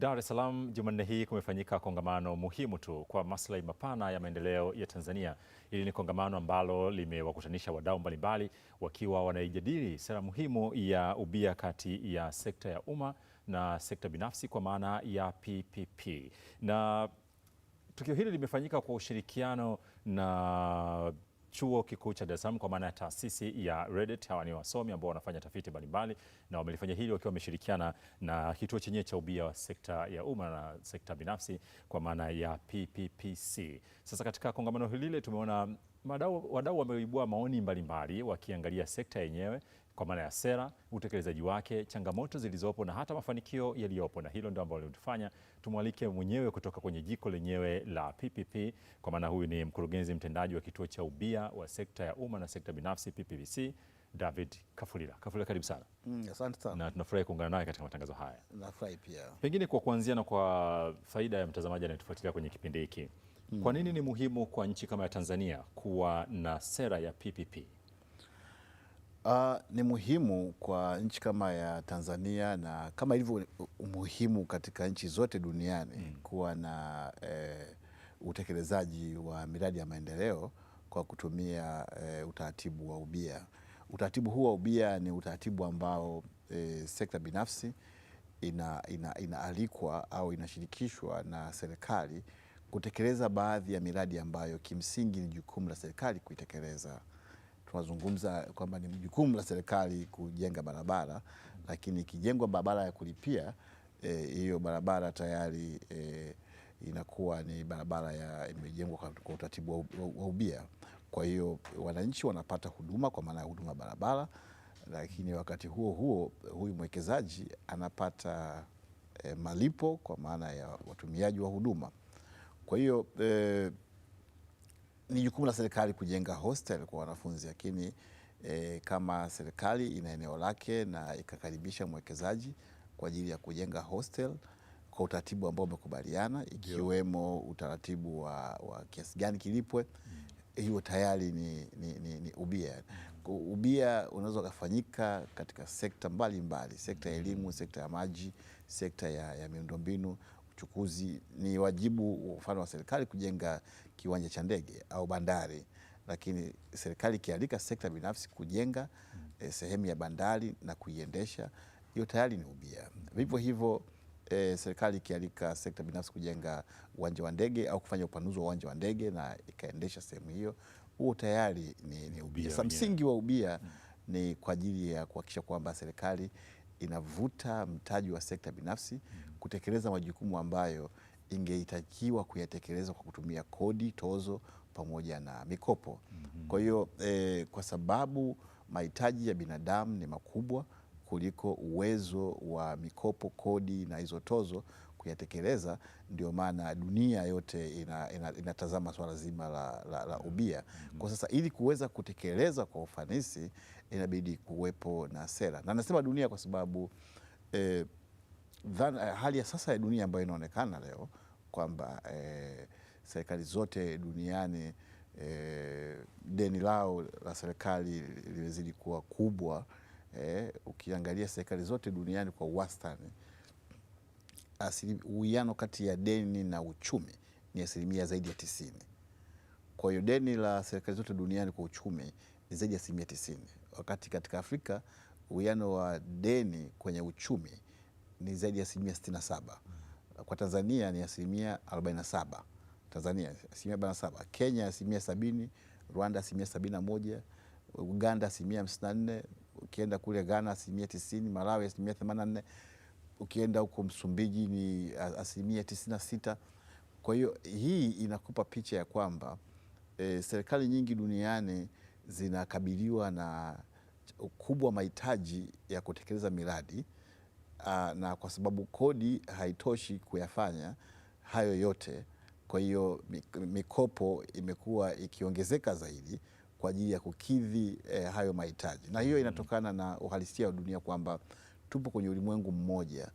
Dar es Salaam Jumanne hii kumefanyika kongamano muhimu tu kwa maslahi mapana ya maendeleo ya Tanzania. Hili ni kongamano ambalo limewakutanisha wadau mbalimbali wakiwa wanaijadili sera muhimu ya ubia kati ya sekta ya umma na sekta binafsi kwa maana ya PPP. Na tukio hili limefanyika kwa ushirikiano na chuo kikuu cha Dar es Salaam kwa maana ya taasisi ya Redet. Hawa ni wasomi ambao wanafanya tafiti mbalimbali na wamelifanya hili wakiwa wameshirikiana na kituo chenyewe cha ubia wa sekta ya umma na sekta binafsi kwa maana ya PPPC. Sasa katika kongamano hili tumeona wadau wameibua maoni mbalimbali wakiangalia sekta yenyewe kwa maana ya sera, utekelezaji wake, changamoto zilizopo na hata mafanikio yaliyopo, na hilo ndio ambalo linatufanya tumwalike mwenyewe kutoka kwenye jiko lenyewe la PPP, kwa maana huyu ni mkurugenzi mtendaji wa kituo cha ubia wa sekta ya umma na sekta binafsi PPPC David Kafulila. Kafulila, karibu sana. Mm, asante sana. Na tunafurahi kuungana naye katika matangazo haya. Nafurahi pia. Pengine kwa kuanzia na kwa faida ya mtazamaji anayetufuatilia kwenye kipindi hiki. Mm. Kwa nini ni muhimu kwa nchi kama ya Tanzania kuwa na sera ya PPP? Uh, ni muhimu kwa nchi kama ya Tanzania na kama ilivyo umuhimu katika nchi zote duniani mm. kuwa na eh, utekelezaji wa miradi ya maendeleo kwa kutumia eh, utaratibu wa ubia. Utaratibu huu wa ubia ni utaratibu ambao eh, sekta binafsi inaalikwa ina, ina au inashirikishwa na serikali kutekeleza baadhi ya miradi ambayo kimsingi ni jukumu la serikali kuitekeleza tunazungumza kwamba ni jukumu la serikali kujenga barabara, lakini ikijengwa barabara ya kulipia e, hiyo e, barabara tayari e, inakuwa ni barabara ya imejengwa kwa utaratibu wa ubia. Kwa hiyo wananchi wanapata huduma kwa maana ya huduma barabara, lakini wakati huo huo huyu mwekezaji anapata e, malipo kwa maana ya watumiaji wa huduma. Kwa hiyo e, ni jukumu la serikali kujenga hostel kwa wanafunzi, lakini e, kama serikali ina eneo lake na ikakaribisha mwekezaji kwa ajili ya kujenga hostel kwa utaratibu ambao umekubaliana ikiwemo utaratibu wa, wa kiasi gani kilipwe mm. hiyo tayari ni, ni, ni, ni ubia. Ubia unaweza ukafanyika katika sekta mbalimbali mbali, sekta ya mm. elimu, sekta ya maji, sekta ya, ya miundombinu uchukuzi, ni wajibu mfano wa serikali kujenga kiwanja cha ndege au bandari, lakini serikali ikialika sekta binafsi kujenga mm. eh, sehemu ya bandari na kuiendesha, hiyo tayari ni ubia. Vivyo hivyo e, serikali ikialika sekta binafsi kujenga uwanja wa ndege au kufanya upanuzi wa uwanja wa ndege na ikaendesha sehemu hiyo, huo tayari ni, ni ubia. Sasa msingi wa ubia mm, ni kwa ajili ya kuhakikisha kwamba serikali inavuta mtaji wa sekta binafsi mm kutekeleza majukumu ambayo ingehitajiwa kuyatekeleza kwa kutumia kodi, tozo pamoja na mikopo. mm -hmm. Kwa hiyo eh, kwa sababu mahitaji ya binadamu ni makubwa kuliko uwezo wa mikopo, kodi na hizo tozo kuyatekeleza, ndio maana dunia yote inatazama ina, ina swala zima la, la, la ubia. mm -hmm. Kwa sasa ili kuweza kutekeleza kwa ufanisi inabidi kuwepo na sera, na nasema dunia kwa sababu eh, dhana, eh, hali ya sasa ya dunia ambayo inaonekana leo kwamba eh, serikali zote duniani eh, deni lao la serikali limezidi kuwa kubwa eh, ukiangalia serikali zote duniani kwa wastani uwiano kati ya deni na uchumi ni asilimia zaidi ya tisini. Kwa hiyo deni la serikali zote duniani kwa uchumi ni zaidi ya asilimia tisini, wakati katika Afrika uwiano wa deni kwenye uchumi ni zaidi ya asilimia 67 kwa Tanzania ni asilimia 47 Tanzania asilimia 47 Kenya asilimia 70 Rwanda asilimia 71 Uganda asilimia 54 ukienda kule Ghana asilimia 90 Malawi asilimia 84 ukienda huko Msumbiji ni asilimia 96 kwa hiyo hii inakupa picha ya kwamba e, serikali nyingi duniani zinakabiliwa na ukubwa mahitaji ya kutekeleza miradi uh, na kwa sababu kodi haitoshi kuyafanya hayo yote, kwa hiyo mikopo imekuwa ikiongezeka zaidi kwa ajili ya kukidhi eh, hayo mahitaji, na hiyo mm-hmm. inatokana na uhalisia wa dunia kwamba tupo kwenye ulimwengu mmoja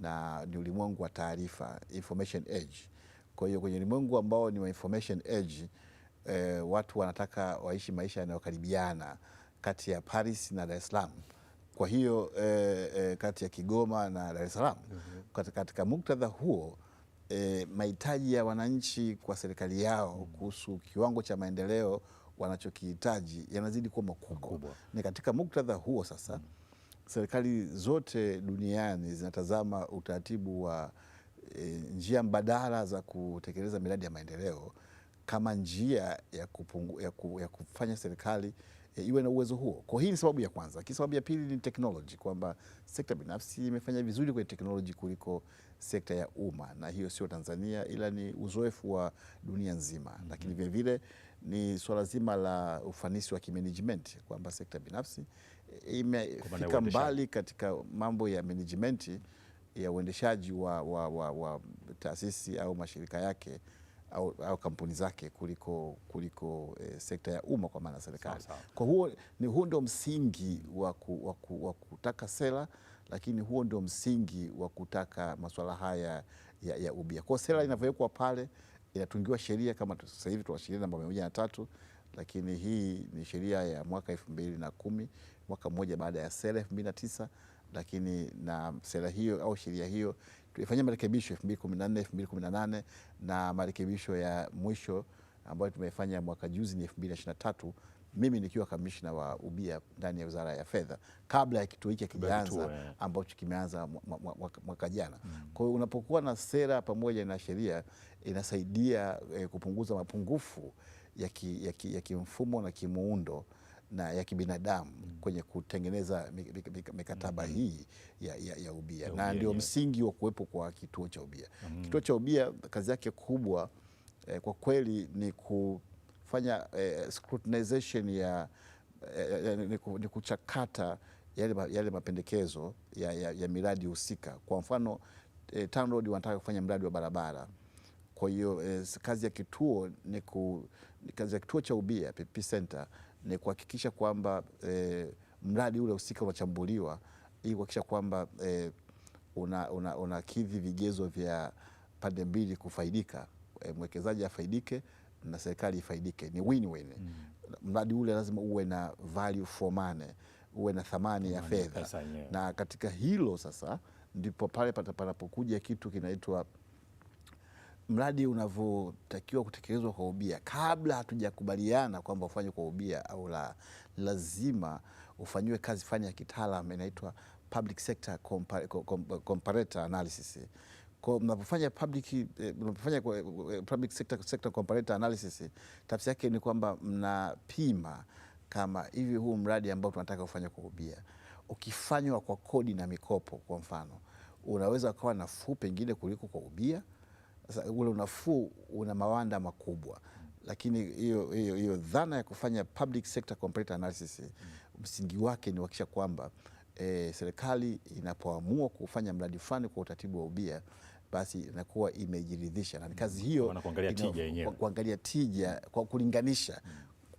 na ni ulimwengu wa taarifa, information age. Kwa hiyo kwenye ulimwengu ambao ni wa information age eh, watu wanataka waishi maisha yanayokaribiana kati ya Paris na Dar es Salaam kwa hiyo e, e, kati ya Kigoma na Dar es Salaam mm -hmm. Katika muktadha huo e, mahitaji ya wananchi kwa serikali yao mm -hmm. kuhusu kiwango cha maendeleo wanachokihitaji yanazidi kuwa makubwa. Ni katika muktadha huo sasa mm -hmm. serikali zote duniani zinatazama utaratibu wa e, njia mbadala za kutekeleza miradi ya maendeleo kama njia ya, kupungu, ya, ku, ya kufanya serikali iwe na uwezo huo. Kwa hii ni sababu ya kwanza, lakini sababu ya pili ni technology, kwamba sekta binafsi imefanya vizuri kwenye technology kuliko sekta ya umma, na hiyo sio Tanzania, ila ni uzoefu wa dunia nzima mm -hmm. Lakini vilevile ni swala zima la ufanisi wa kimanagement, kwamba sekta binafsi eh, imefika mbali katika mambo ya management ya uendeshaji wa, wa, wa, wa taasisi au mashirika yake au, au kampuni zake kuliko, kuliko e, sekta ya umma kwa maana serikali. Kwa huo, ni huo ndio msingi wa kutaka sera, lakini huo ndio msingi wa kutaka masuala haya ya, ya ubia. Kwa sera inavyowekwa pale inatungiwa sheria kama sasa hivi tuna sheria namba mia moja na tatu lakini hii ni sheria ya mwaka elfu mbili na kumi mwaka mmoja baada ya sera elfu mbili na tisa lakini na sera hiyo au sheria hiyo tulifanyia marekebisho 2014 2018 na marekebisho ya mwisho ambayo tumefanya mwaka juzi ni 2023 mimi nikiwa kamishna wa ubia ndani ya wizara ya fedha, kabla ya kituo hiki kijaanza eh. ambacho kimeanza mwaka jana. Mm. Kwa hiyo unapokuwa na sera pamoja na sheria inasaidia eh, kupunguza mapungufu ya kimfumo ki, ki na kimuundo na ya kibinadamu mm. kwenye kutengeneza mikataba mm. hii ya, ya, ya ubia, ya na ndio msingi wa kuwepo kwa kituo cha ubia mm. Kituo cha ubia kazi yake kubwa eh, kwa kweli ni kufanya eh, scrutinization ya eh, ni, ni kuchakata yale, yale mapendekezo ya, ya, ya miradi husika. Kwa mfano eh, TANROADS wanataka kufanya mradi wa barabara kwa hiyo eh, kazi ya kituo ni ku, kazi ya kituo cha ubia PP Center ni kuhakikisha kwamba e, mradi ule husika unachambuliwa ili kuhakikisha kwamba e, eh, unakidhi una, una vigezo vya pande mbili kufaidika, e, mwekezaji afaidike na serikali ifaidike, ni win-win. Mm. Mradi ule lazima uwe na value for money, uwe na thamani ya fedha, na katika hilo sasa ndipo pale panapokuja kitu kinaitwa mradi unavyotakiwa kutekelezwa kwa ubia, kabla hatujakubaliana kwamba ufanye kwa ubia au la, lazima ufanyiwe kazi fani ya kitaalam inaitwa public sector comparator analysis. Kwa mnapofanya public, eh, mnapofanya eh, public sector, sector comparator analysis, tafsiri yake ni kwamba mnapima kama hivi huu mradi ambao tunataka ufanye kwa ubia ukifanywa kwa kodi na mikopo, kwa mfano, unaweza ukawa nafuu pengine kuliko kwa ubia sasa ule unafuu una mawanda makubwa, lakini hiyo hiyo hiyo dhana ya kufanya public sector analysis msingi wake ni kuhakikisha kwamba e, serikali inapoamua kufanya mradi fulani kwa utaratibu wa ubia basi inakuwa imejiridhisha na kazi hiyo kuangalia tija, kuangalia tija kwa kulinganisha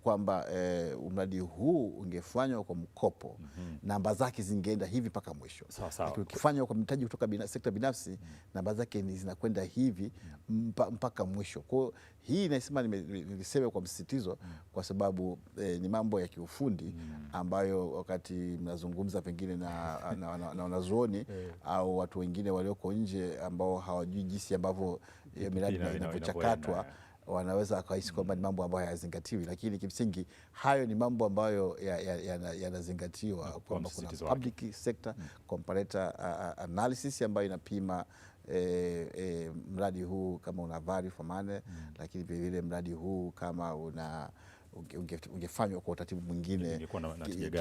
kwamba eh, mradi huu ungefanywa kwa mkopo mm -hmm. namba zake zingeenda hivi mpaka mwisho, lakini ukifanywa kwa mtaji kutoka bina, sekta binafsi mm -hmm. namba zake zinakwenda hivi mm. mpa, mpaka mwisho. Kwa hiyo hii naisema nilisema kwa msisitizo mm -hmm. kwa sababu eh, ni mambo ya kiufundi mm -hmm. ambayo wakati mnazungumza pengine na, na, na, na, na wanazuoni yeah. au watu wengine walioko nje ambao hawajui jinsi ambavyo eh, miradi inavyochakatwa wanaweza wakahisi kwamba ni mambo ambayo hayazingatiwi, lakini kimsingi hayo ni mambo ambayo yanazingatiwa ya, ya, ya kwamba kuna public sector hmm. comparator analysis ambayo inapima E, e, mradi huu kama una value for money, mm. lakini vilevile mradi huu kama una ungefanywa kwa utaratibu mwingine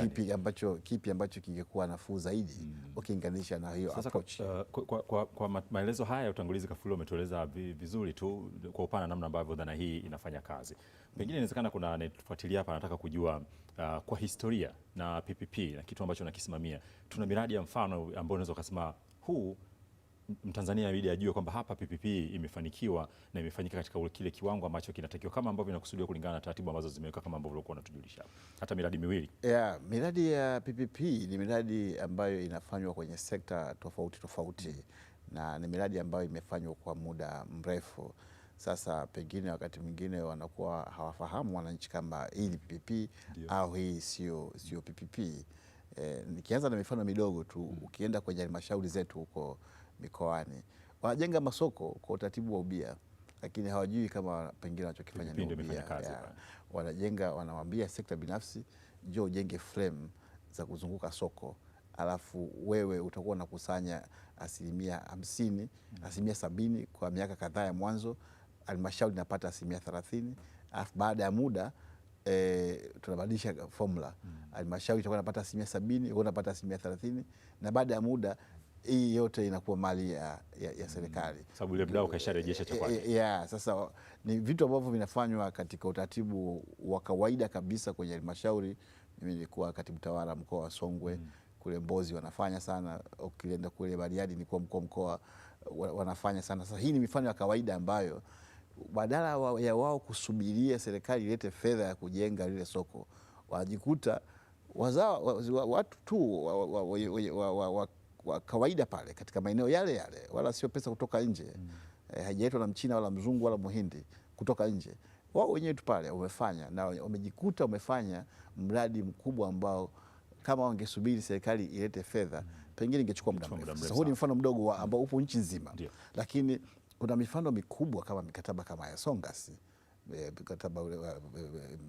kipi ambacho, kipi ambacho kingekuwa nafuu zaidi mm. ukiinganisha na hiyo approach. Uh, kwa, kwa, kwa maelezo haya ya utangulizi Kafulu umetueleza vizuri tu kwa upana namna ambavyo dhana hii inafanya kazi. Pengine inawezekana kuna anayetufuatilia hapa anataka kujua uh, kwa historia na PPP na kitu ambacho nakisimamia, tuna miradi ya mfano ambayo unaweza ukasema huu Mtanzania inabidi ajue kwamba hapa PPP imefanikiwa na imefanyika katika kile kiwango ambacho kinatakiwa kama ambavyo inakusudiwa kulingana na taratibu ambazo zimewekwa kama ambavyo ulikuwa unatujulisha hata miradi miwili. Yeah, miradi ya PPP ni miradi ambayo inafanywa kwenye sekta tofauti tofauti mm. na ni miradi ambayo imefanywa kwa muda mrefu sasa pengine wakati mwingine wanakuwa hawafahamu wananchi kama hii ni PPP au hii sio sio PPP. Eh, nikianza na mifano midogo tu mm. ukienda kwenye halmashauri zetu huko mikoani, wanajenga masoko kwa utaratibu wa ubia, lakini hawajui kama pengine wanachokifanya ni ubia. Wanajenga, wanawambia sekta binafsi, njoo ujenge frame za kuzunguka soko alafu wewe utakuwa unakusanya asilimia hamsini, mm-hmm. asilimia sabini kwa miaka kadhaa ya mwanzo, halmashauri inapata asilimia thelathini, alafu baada ya muda e, tunabadilisha formula mm-hmm. halmashauri itakuwa inapata asilimia sabini, unapata asilimia thelathini, na baada ya muda hii yote inakuwa mali ya, ya, ya mm. serikali sababu ile mdau kasharejesha eh, cha kwake. Eh, yeah, sasa ni vitu ambavyo vinafanywa katika utaratibu wa kawaida kabisa kwenye halmashauri. Mimi nilikuwa katibu tawala mkoa wa Songwe mm. Kule Mbozi wanafanya sana, ukienda kule Bariadi nilikuwa mkuu mkoa wanafanya sana. Sasa hii ni mifano ya kawaida ambayo badala wa, ya wao kusubiria serikali ilete fedha ya kujenga lile soko wanajikuta watu tu kwa kawaida pale katika maeneo yale yale, wala sio pesa kutoka nje mm. E, haijaitwa na mchina wala mzungu wala muhindi kutoka nje, wao wenyewe tu pale wamefanya na wamejikuta wamefanya mradi mkubwa ambao kama wangesubiri serikali ilete fedha mm. pengine ingechukua muda mrefu. Sasa huu ni mfano mdogo mm. ambao upo nchi nzima, lakini kuna mifano mikubwa kama mikataba kama ya Songas Eh, mkataba,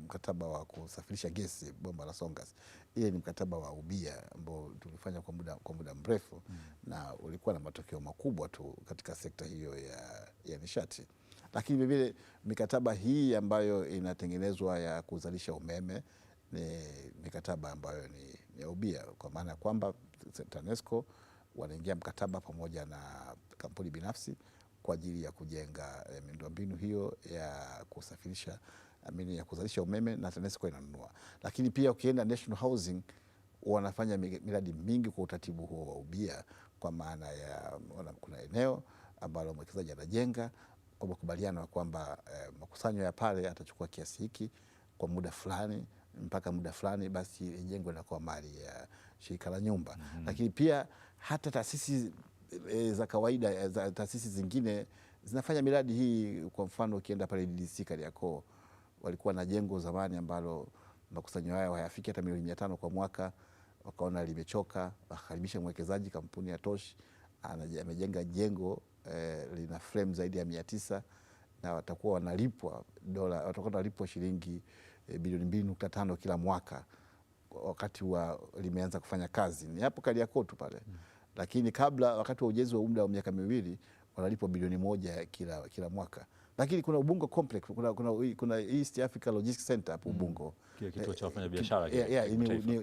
mkataba wa kusafirisha gesi bomba la Songas. Ile ni mkataba wa ubia ambao tulifanya kwa muda, kwa muda mrefu mm. na ulikuwa na matokeo makubwa tu katika sekta hiyo ya, ya nishati lakini vilevile mikataba hii ambayo inatengenezwa ya kuzalisha umeme ni mikataba ambayo ni ya ubia, kwa maana ya kwamba TANESCO wanaingia mkataba pamoja na kampuni binafsi kwa ajili ya kujenga eh, miundombinu hiyo ya kusafirisha amini ya kuzalisha umeme na TANESCO inanunua. Lakini pia ukienda National Housing wanafanya miradi mingi kwa utaratibu huo wa ubia, kwa maana ya kuna eneo ambalo mwekezaji anajenga kwa makubaliano kwamba eh, makusanyo ya pale atachukua kiasi hiki kwa muda fulani mpaka muda fulani, basi jengo linakuwa mali ya shirika la nyumba. mm -hmm. Lakini pia hata taasisi e, za kawaida eh, za taasisi zingine zinafanya miradi hii. Kwa mfano ukienda pale DDC Kariakoo walikuwa na jengo zamani ambalo makusanyo hayo hayafiki hata milioni mia tano kwa mwaka, wakaona limechoka, wakaribisha mwekezaji kampuni ya Tosh amejenga jengo e, lina frame zaidi ya mia tisa na watakuwa wanalipwa dola, watakuwa wanalipwa shilingi e, bilioni mbili nukta tano kila mwaka wakati wa limeanza kufanya kazi. Ni hapo Kariakoo tu pale mm lakini kabla, wakati wa ujenzi wa umda wa miaka miwili wanalipwa bilioni moja kila, kila mwaka lakini kuna Ubungo Complex, kuna, kuna, kuna East Africa Logistics Center hapo mm. Ubungo eh, cha wafanya eh,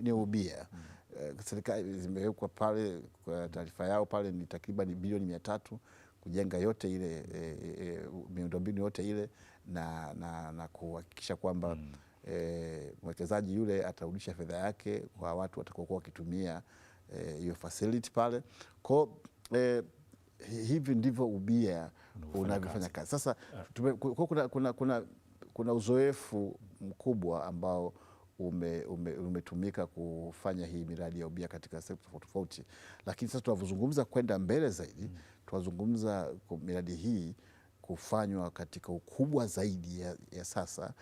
ni, ubia mm. Eh, serikali zimewekwa pale kwa taarifa yao pale ni takriban bilioni mia tatu kujenga yote ile e, e, miundombinu yote ile na, na, na kuhakikisha kwamba mm. e, mwekezaji yule atarudisha fedha yake kwa watu watakokuwa wakitumia Eh, hiyo e, facility pale kwa e, hivi ndivyo ubia unavyofanya kazi. Sasa tume, kuna, kuna, kuna, kuna uzoefu mkubwa ambao ume, ume, umetumika kufanya hii miradi ya ubia katika sekta tofauti tofauti, lakini sasa tunavyozungumza kwenda mbele zaidi mm. tunazungumza miradi hii kufanywa katika ukubwa zaidi ya, ya sasa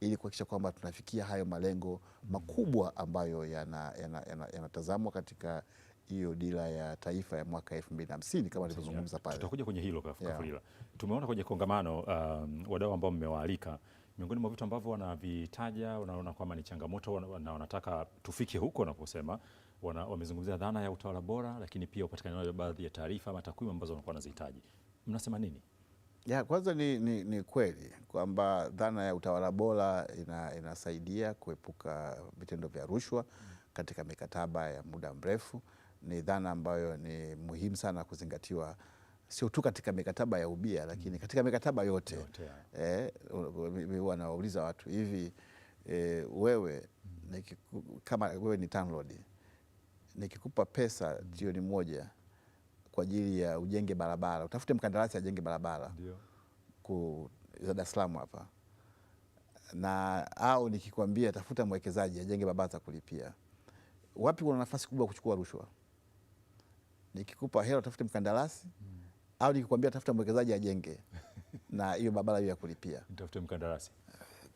ili kuhakikisha kwamba tunafikia hayo malengo makubwa ambayo yanatazamwa yana, yana, yana katika hiyo dira ya taifa ya mwaka hamsini kama nilivyozungumza pale. Tutakuja kwenye hilo kafulila yeah. Tumeona kwenye kongamano um, wadau ambao mmewaalika miongoni mwa vitu ambavyo wanavitaja wanaona kwamba ni changamoto na wanataka tufike huko wanaposema wamezungumzia dhana ya utawala bora, lakini pia upatikanaji wa baadhi ya taarifa ama takwimu ambazo wanakuwa wanazihitaji. Mnasema nini? Ya kwanza ni, ni, ni kweli kwamba dhana ya utawala bora ina, inasaidia kuepuka vitendo vya rushwa katika mikataba ya muda mrefu. Ni dhana ambayo ni muhimu sana kuzingatiwa sio tu katika mikataba ya ubia lakini katika mikataba yote, yote eh, wanawauliza watu hivi eh, wewe nikiku, kama wewe ni landlord nikikupa pesa trilioni moja kwa ajili ya ujenge barabara, utafute mkandarasi ajenge barabara za Dar es Salaam hapa, na au nikikwambia tafuta mwekezaji ajenge barabara za kulipia, wapi kuna nafasi kubwa kuchukua rushwa? Nikikupa hela tafute mkandarasi hmm. au nikikwambia tafuta mwekezaji ajenge na hiyo barabara hiyo ya kulipia, tafute mkandarasi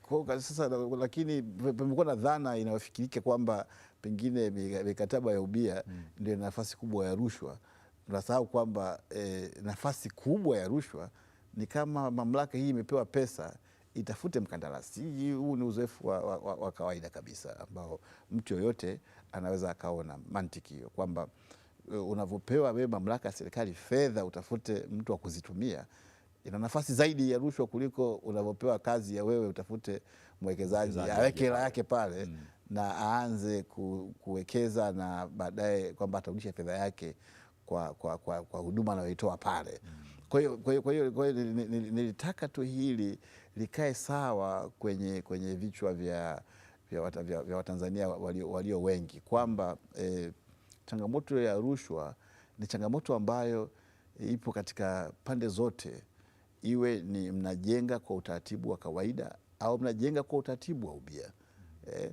kwa sasa. Lakini pamekuwa na dhana inayofikirika kwamba pengine mikataba ya ubia hmm. ndio nafasi kubwa ya rushwa tunasahau kwamba eh, nafasi kubwa ya rushwa ni kama mamlaka hii imepewa pesa itafute mkandarasi. Huu ni uzoefu wa, wa, wa kawaida kabisa ambao mtu yoyote anaweza akaona mantiki hiyo kwamba eh, unavyopewa wewe mamlaka ya serikali fedha utafute mtu wa kuzitumia, ina nafasi zaidi ya rushwa kuliko unavyopewa kazi ya wewe utafute mwekezaji aweke hela yake pale mm, na aanze ku, kuwekeza na baadaye kwamba atarudisha fedha yake kwa, kwa, kwa, kwa huduma anayoitoa pale. Kwa hiyo nilitaka tu hili likae sawa kwenye, kwenye vichwa vya, vya, vya, vya Watanzania walio, walio wengi kwamba eh, changamoto ya rushwa ni changamoto ambayo ipo katika pande zote, iwe ni mnajenga kwa utaratibu wa kawaida au mnajenga kwa utaratibu wa ubia eh,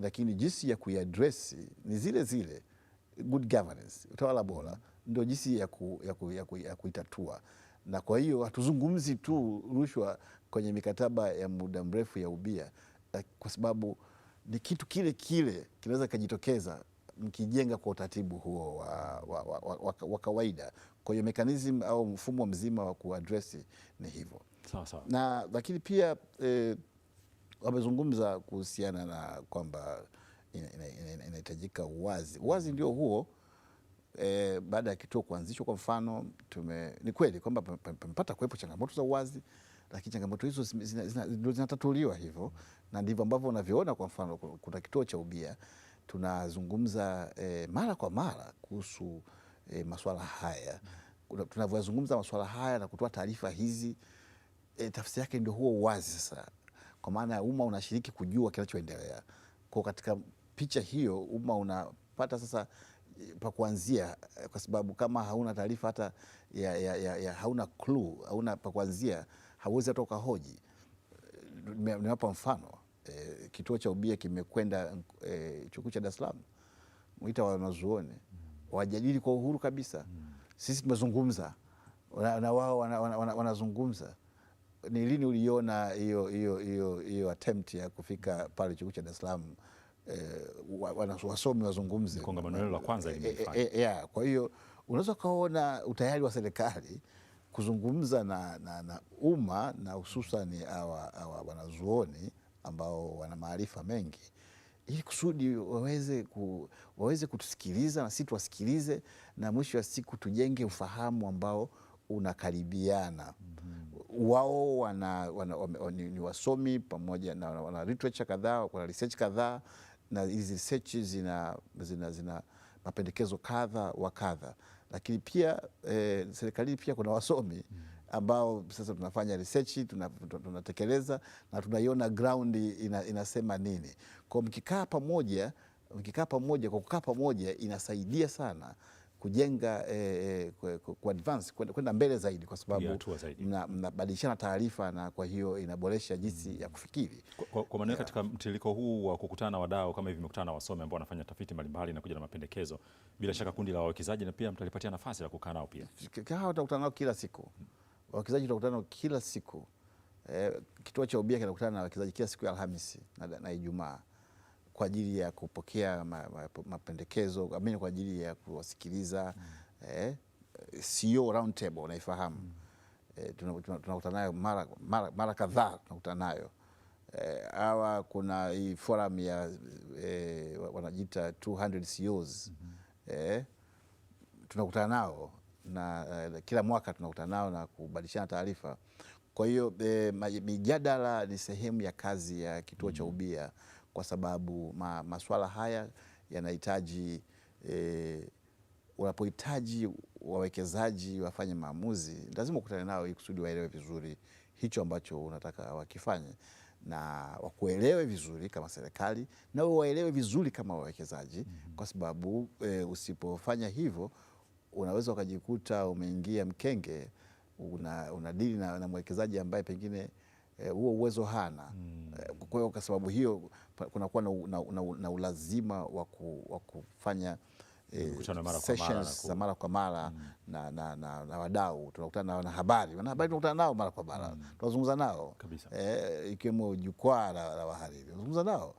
lakini jinsi ya kuiadresi ni zile zile good governance, utawala bora ndio jinsi ya, ku, ya, ku, ya, ku, ya kuitatua. Na kwa hiyo hatuzungumzi tu rushwa kwenye mikataba ya muda mrefu ya ubia, eh, kwa sababu ni kitu kile kile kinaweza kikajitokeza mkijenga kwa utaratibu huo wa, wa, wa, wa, wa kawaida. Kwa hiyo mekanism au mfumo mzima wa kuadresi ni hivyo sawa. Na lakini pia eh, wamezungumza kuhusiana na kwamba inahitajika ina, ina, ina uwazi. Uwazi ndio huo e, baada ya kituo kuanzishwa. Kwa mfano tume, ni kweli kwamba pamepata kuwepo changamoto za uwazi, lakini changamoto hizo ndio zinatatuliwa hivyo, na ndivyo ambavyo unavyoona. Kwa mfano kuna kituo cha ubia tunazungumza e, mara kwa mara kuhusu e, eh, masuala haya tunavyozungumza masuala haya na kutoa taarifa hizi e, tafsiri yake ndio huo uwazi sasa, kwa maana ya umma unashiriki kujua kinachoendelea kwa katika picha hiyo umma unapata sasa eh, pa kuanzia, eh, kwa sababu kama hauna taarifa hata ya, ya, ya, ya, hauna clue, hauna pa kuanzia, hauwezi hata ukahoji. Eh, Nimewapa mfano e, kituo cha ubia kimekwenda e, chukuu cha Dar es Salaam, mwita wanazuoni wajadili kwa uhuru kabisa. Sisi tumezungumza na wao wanazungumza. Ni lini uliona hiyo attempt ya kufika pale chukuu cha Dar es Salaam? eh, wasomi wazungumze kongamano hilo la kwanza eh, eh, eh, yeah. Kwa hiyo unaweza ukaona utayari wa serikali kuzungumza na, na, na umma na hususani hawa wanazuoni ambao wana maarifa mengi ili kusudi waweze, ku, waweze kutusikiliza na sisi tuwasikilize, na mwisho wa siku tujenge ufahamu ambao unakaribiana. mm -hmm. Wao wana, wana, wana, ni wasomi pamoja na wana literature kadhaa, kuna research kadhaa na hizi research zina, zina, zina mapendekezo kadha wa kadha, lakini pia eh, serikalini pia kuna wasomi ambao sasa tunafanya research tunatekeleza na tunaiona ground ina, inasema nini. Kwa mkikaa pamoja mkikaa pamoja kwa kukaa pamoja inasaidia sana kujenga eh, eh kuadvance kwenda mbele zaidi, kwa sababu mnabadilishana mna taarifa na kwa hiyo inaboresha jinsi mm. ya kufikiri kwa, kwa maana yeah. Katika mtiririko huu wa kukutana na wadau kama hivi, mekutana na wasomi ambao wanafanya tafiti mbalimbali na kuja na mapendekezo, bila shaka kundi la wawekezaji na pia mtalipatia nafasi ya kukaa nao pia. Hao tutakutana nao kila siku, wawekezaji tutakutana nao kila siku eh, kituo cha ubia kinakutana na wawekezaji kila siku ya Alhamisi na, na Ijumaa kwa ajili ya kupokea mapendekezo amini, kwa ajili ya kuwasikiliza mm. eh, CEO round table unaifahamu mm. eh, tunakutana tuna, tuna nayo mara, mara, mara kadhaa tunakutana nayo eh, awa kuna hii forum ya eh, wanajiita 200 CEOs mm -hmm. eh, tunakutana nao na eh, kila mwaka tunakutana nao na kubadilishana taarifa. Kwa hiyo eh, mijadala ni sehemu ya kazi ya kituo mm -hmm. cha ubia kwa sababu ma, maswala haya yanahitaji e, unapohitaji wawekezaji wafanye maamuzi, lazima ukutane nao kusudi waelewe vizuri hicho ambacho unataka wakifanye na wakuelewe vizuri kama serikali na waelewe vizuri kama wawekezaji mm -hmm. Kwa sababu e, usipofanya hivyo unaweza ukajikuta umeingia mkenge, una, una dili na, na mwekezaji ambaye pengine eh, huo e, uwezo hana mm. Kwa hiyo kwa sababu hiyo kunakuwa na, na, na, na ulazima wa kufanya eh, sessions za mara kwa mara mm. na, na, na, na wadau tunakutana na wanahabari, wanahabari tunakutana nao mara kwa mara mm. tunazungumza nao eh, ikiwemo jukwaa la, la wahariri tunazungumza nao,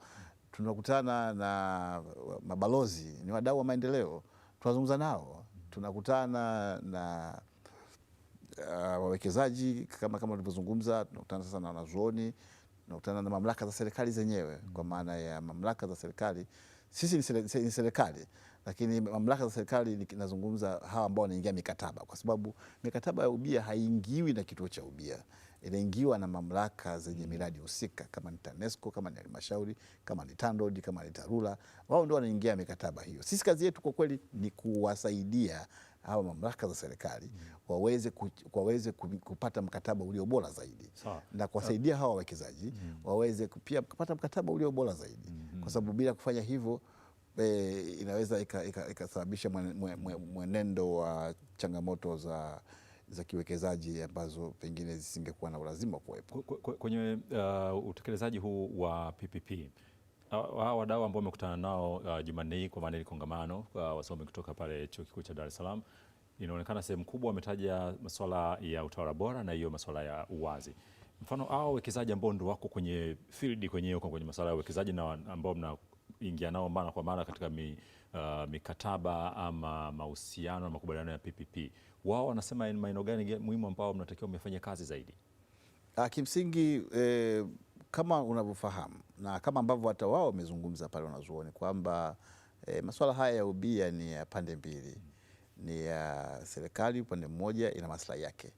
tunakutana na mabalozi, ni wadau wa maendeleo tunazungumza nao, tunakutana na uh, wawekezaji kama kama tulivyozungumza, tunakutana sasa na wanazuoni nakutana na mamlaka za serikali zenyewe mm. kwa maana ya mamlaka za serikali, sisi ni serikali lakini mamlaka za serikali nazungumza hawa ambao wanaingia mikataba, kwa sababu mikataba ya ubia haiingiwi na kituo cha ubia, inaingiwa na mamlaka zenye mm. miradi husika, kama ni TANESCO, kama ni halmashauri, kama ni TANROADS, kama ni TARURA, wao ndio wanaingia mikataba hiyo. Sisi kazi yetu kwa kweli ni kuwasaidia au mamlaka za serikali mm. waweze, ku, waweze kupata mkataba ulio bora zaidi Sa. na kuwasaidia hawa wawekezaji mm. waweze pia kupata mkataba ulio bora zaidi mm. kwa sababu bila kufanya hivyo e, inaweza ikasababisha mwenendo wa changamoto za za kiwekezaji ambazo pengine zisingekuwa na ulazima kuwepo kwenye uh, utekelezaji huu wa PPP. Hao wadau ambao wamekutana nao uh, Jumanne hii kwa maana ile kongamano uh, wasomi kutoka pale Chuo Kikuu cha Dar es Salaam, inaonekana sehemu kubwa wametaja masuala ya utawala bora na hiyo masuala ya uwazi. Mfano hao wawekezaji ambao ndio wako kwenye field kwenyewe kwenye masuala ya uwekezaji na ambao mnaingia nao mara kwa mara katika mi, uh, mikataba ama mahusiano na makubaliano ya PPP, wao wanasema maeneo gani muhimu ambao mnatakiwa mmefanya kazi zaidi? Ah, kimsingi eh, kama unavyofahamu na kama ambavyo hata wao wamezungumza pale wanazuoni kwamba e, eh, masuala haya ya ubia ni ya pande mbili, ni ya serikali upande mmoja ina maslahi yake,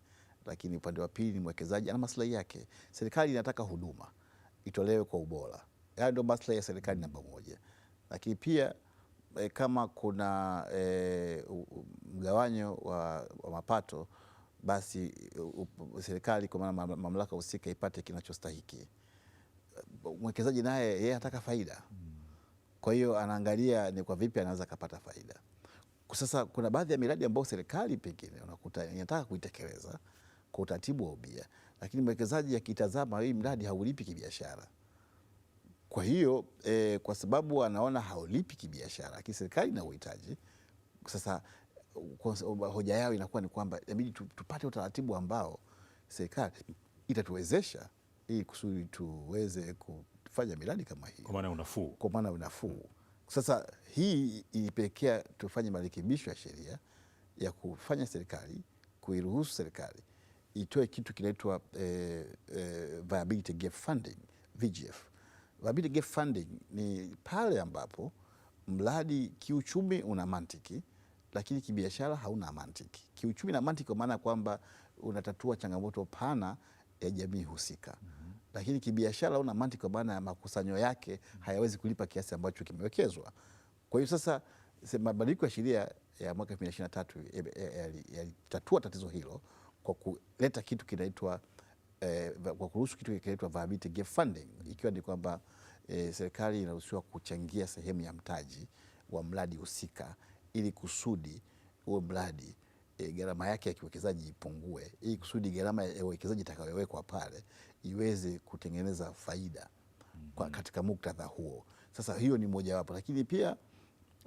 lakini upande wa pili ni mwekezaji ana maslahi yake. Serikali inataka huduma itolewe kwa ubora, hayo ndio maslahi ya serikali namba moja, lakini pia e, kama kuna e, mgawanyo wa, wa mapato basi serikali kwa maana mamlaka husika ipate kinachostahiki mwekezaji naye yeye anataka faida, kwa hiyo anaangalia ni kwa vipi anaweza kapata faida. Sasa kuna baadhi ya miradi ambayo serikali pengine unakuta inataka kuitekeleza kwa utaratibu wa ubia, lakini mwekezaji akitazama hii mradi haulipi kibiashara, kwa hiyo e, kwa sababu anaona haulipi kibiashara, lakini serikali ina uhitaji sasa. Uh, hoja yao inakuwa ni kwamba inabidi tupate utaratibu ambao serikali itatuwezesha ili kusudi tuweze kufanya miradi kama hii, kwa maana unafuu, kwa maana unafuu. Sasa hii ilipelekea tufanye marekebisho ya sheria ya kufanya serikali kuiruhusu serikali itoe kitu kinaitwa eh, eh, viability gap funding VGF. Viability gap funding ni pale ambapo mradi kiuchumi una mantiki lakini kibiashara hauna mantiki. Kiuchumi na mantiki kwa maana ya kwamba unatatua changamoto pana ya jamii husika mm -hmm. Lakini kibiashara una mantiki kwa maana ya makusanyo yake mm -hmm. hayawezi kulipa kiasi ambacho kimewekezwa. Kwa hiyo sasa mabadiliko ya sheria ya mwaka 2023 yalitatua tatizo hilo kwa kuleta kitu kinaitwa eh, kwa kuruhusu kitu kinaitwa viability gap funding, ikiwa ni kwamba eh, serikali inaruhusiwa kuchangia sehemu ya mtaji wa mradi husika ili kusudi huo mradi e, gharama yake ya kiwekezaji ipungue, ili kusudi gharama ya uwekezaji itakayowekwa pale iweze kutengeneza faida kwa mm-hmm. katika muktadha huo. Sasa hiyo ni mojawapo, lakini pia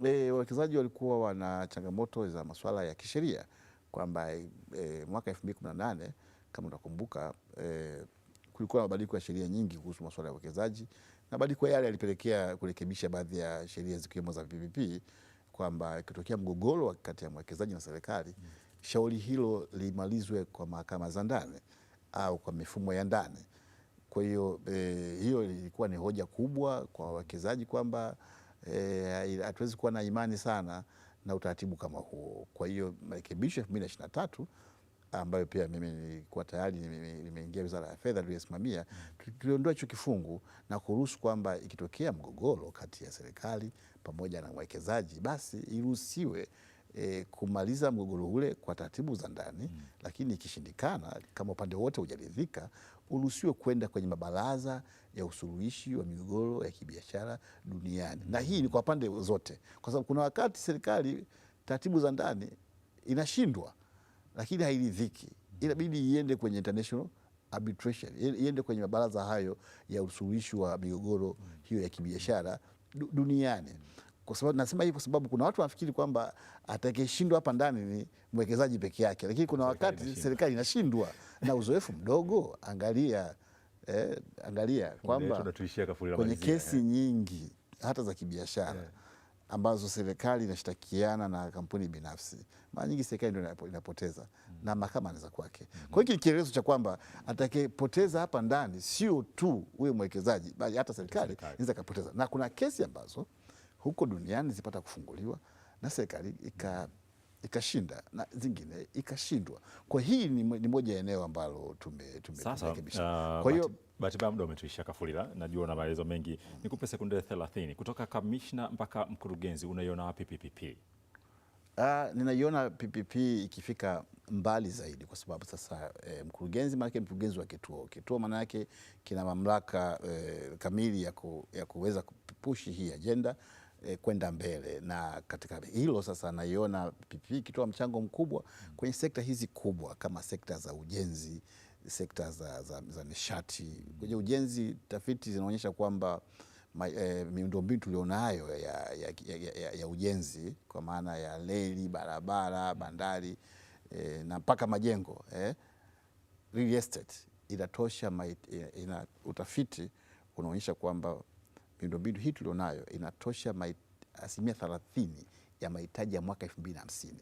e, wawekezaji walikuwa wana changamoto za masuala ya kisheria kwamba e, mwaka 2018 kama unakumbuka e, kulikuwa na mabadiliko ya sheria nyingi kuhusu masuala ya uwekezaji na mabadiliko yale yalipelekea kurekebisha baadhi ya sheria zikiwemo za PPP kwamba ikitokea mgogoro kati ya mwekezaji na serikali mm shauri hilo limalizwe kwa mahakama za ndani au kwa mifumo ya ndani. Kwa hiyo e, hiyo ilikuwa ni hoja kubwa kwa wawekezaji kwamba e, hatuwezi e, kuwa na imani sana na utaratibu kama huo. Kwa hiyo marekebisho elfu mbili na ishirini na tatu ambayo pia mimi nilikuwa tayari nimeingia Wizara ya Fedha tuliyosimamia, tuliondoa hicho kifungu na kuruhusu kwamba ikitokea mgogoro kati ya serikali pamoja na mwekezaji, basi iruhusiwe E, kumaliza mgogoro ule kwa taratibu za ndani mm. Lakini ikishindikana, kama upande wote hujaridhika, uruhusiwe kwenda kwenye mabaraza ya usuluhishi wa migogoro ya kibiashara duniani mm. Na hii ni kwa pande zote, kwa sababu kuna wakati serikali taratibu za ndani inashindwa, lakini hairidhiki, mm. inabidi iende kwenye international arbitration, iende kwenye mabaraza hayo ya usuluhishi wa migogoro mm. hiyo ya kibiashara duniani mm. Kwa sababu nasema hivi kwa sababu kuna watu wanafikiri kwamba atakayeshindwa hapa ndani ni mwekezaji peke yake, lakini kuna wakati serikali inashindwa na uzoefu mdogo. Angalia eh, angalia kwamba kwenye kesi he, eh. nyingi hata za kibiashara yeah, ambazo serikali inashtakiana na kampuni binafsi, mara nyingi serikali ndio inapoteza mm, na mahakama anaweza kwake. Mm -hmm. Kwa hiyo hiki cha kwamba atakayepoteza hapa ndani sio tu huyo mwekezaji, bali hata serikali inaweza kapoteza, na kuna kesi ambazo huko duniani zipata kufunguliwa na serikali ikashinda na zingine ikashindwa. Kwa hii ni, ni moja ya eneo ambalo tumerekebisha. Uh, kwa hiyo bahati mbaya muda umetuishia, Kafulila, najua una maelezo mengi mm. Nikupe sekunde 30 kutoka kamishna mpaka mkurugenzi, unaiona wapi PPP? Uh, ah, ninaiona PPP ikifika mbali zaidi kwa sababu sasa eh, mkurugenzi maanake mkurugenzi wa kituo kituo maana yake kina mamlaka eh, kamili ya, ku, ya kuweza kupushi hii ajenda e, kwenda mbele, na katika hilo sasa naiona PPP ikitoa mchango mkubwa kwenye sekta hizi kubwa kama sekta za ujenzi, sekta za, za, za nishati. Kwenye ujenzi tafiti zinaonyesha kwamba e, miundombinu tulionayo ya, ya, ya, ya, ya ujenzi kwa maana ya reli, barabara, bandari e, na mpaka majengo eh, real estate inatosha ina, utafiti unaonyesha kwamba miundombinu hii tulionayo inatosha asilimia thelathini ya mahitaji ya mwaka elfu mbili na hamsini.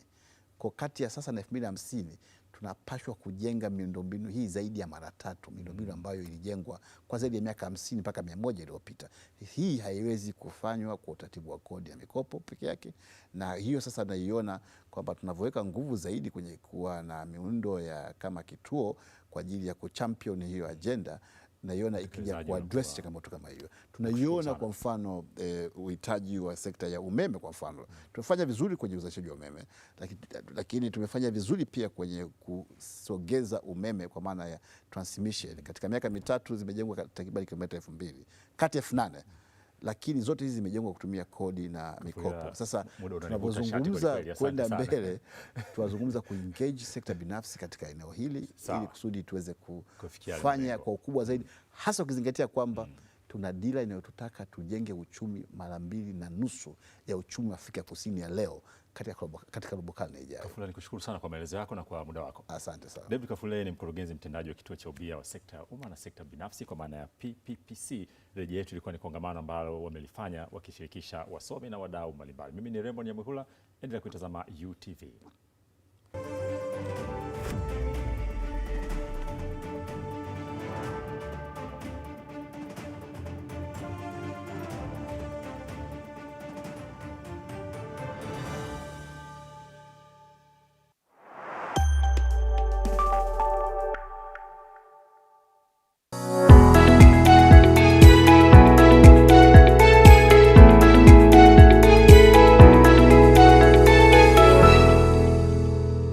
Kwa kati ya sasa na elfu mbili na hamsini tunapashwa kujenga miundombinu hii zaidi ya mara tatu, miundombinu mm. ambayo ilijengwa kwa zaidi ya miaka hamsini mpaka mia moja iliyopita. Hii haiwezi kufanywa kwa utaratibu wa kodi ya mikopo peke yake, na hiyo sasa naiona kwamba tunavyoweka nguvu zaidi kwenye kuwa na miundo ya kama kituo kwa ajili ya kuchampion hiyo ajenda naiona ikija kuadress changamoto kama hiyo. Tunaiona kwa mfano eh, uhitaji wa sekta ya umeme kwa mfano, mm. tumefanya vizuri kwenye uzalishaji wa umeme lakini, lakini tumefanya vizuri pia kwenye kusogeza umeme kwa maana ya transmission. Mm. Katika miaka mitatu zimejengwa takriban kilomita elfu mbili kati ya elfu nane lakini zote hizi zimejengwa kutumia kodi na mikopo. Sasa tunapozungumza kwenda mbele, tunazungumza kuengage sekta binafsi katika eneo hili ili kusudi tuweze kufanya kwa ukubwa zaidi, hasa ukizingatia kwamba mm tuna dira inayotutaka tujenge uchumi mara mbili na nusu ya uchumi wa Afrika Kusini ya leo katika, katika robo karne ijayo. Kafula, nikushukuru sana kwa maelezo yako na kwa muda wako. Asante sana. David Kafule ni mkurugenzi mtendaji wa kituo cha ubia wa sekta ya umma na sekta binafsi kwa maana ya PPPC. Reje yetu ilikuwa ni kongamano ambalo wamelifanya wakishirikisha wasomi na wadau mbalimbali. Mimi ni Raymond Nyamuhula, endelea kuitazama UTV.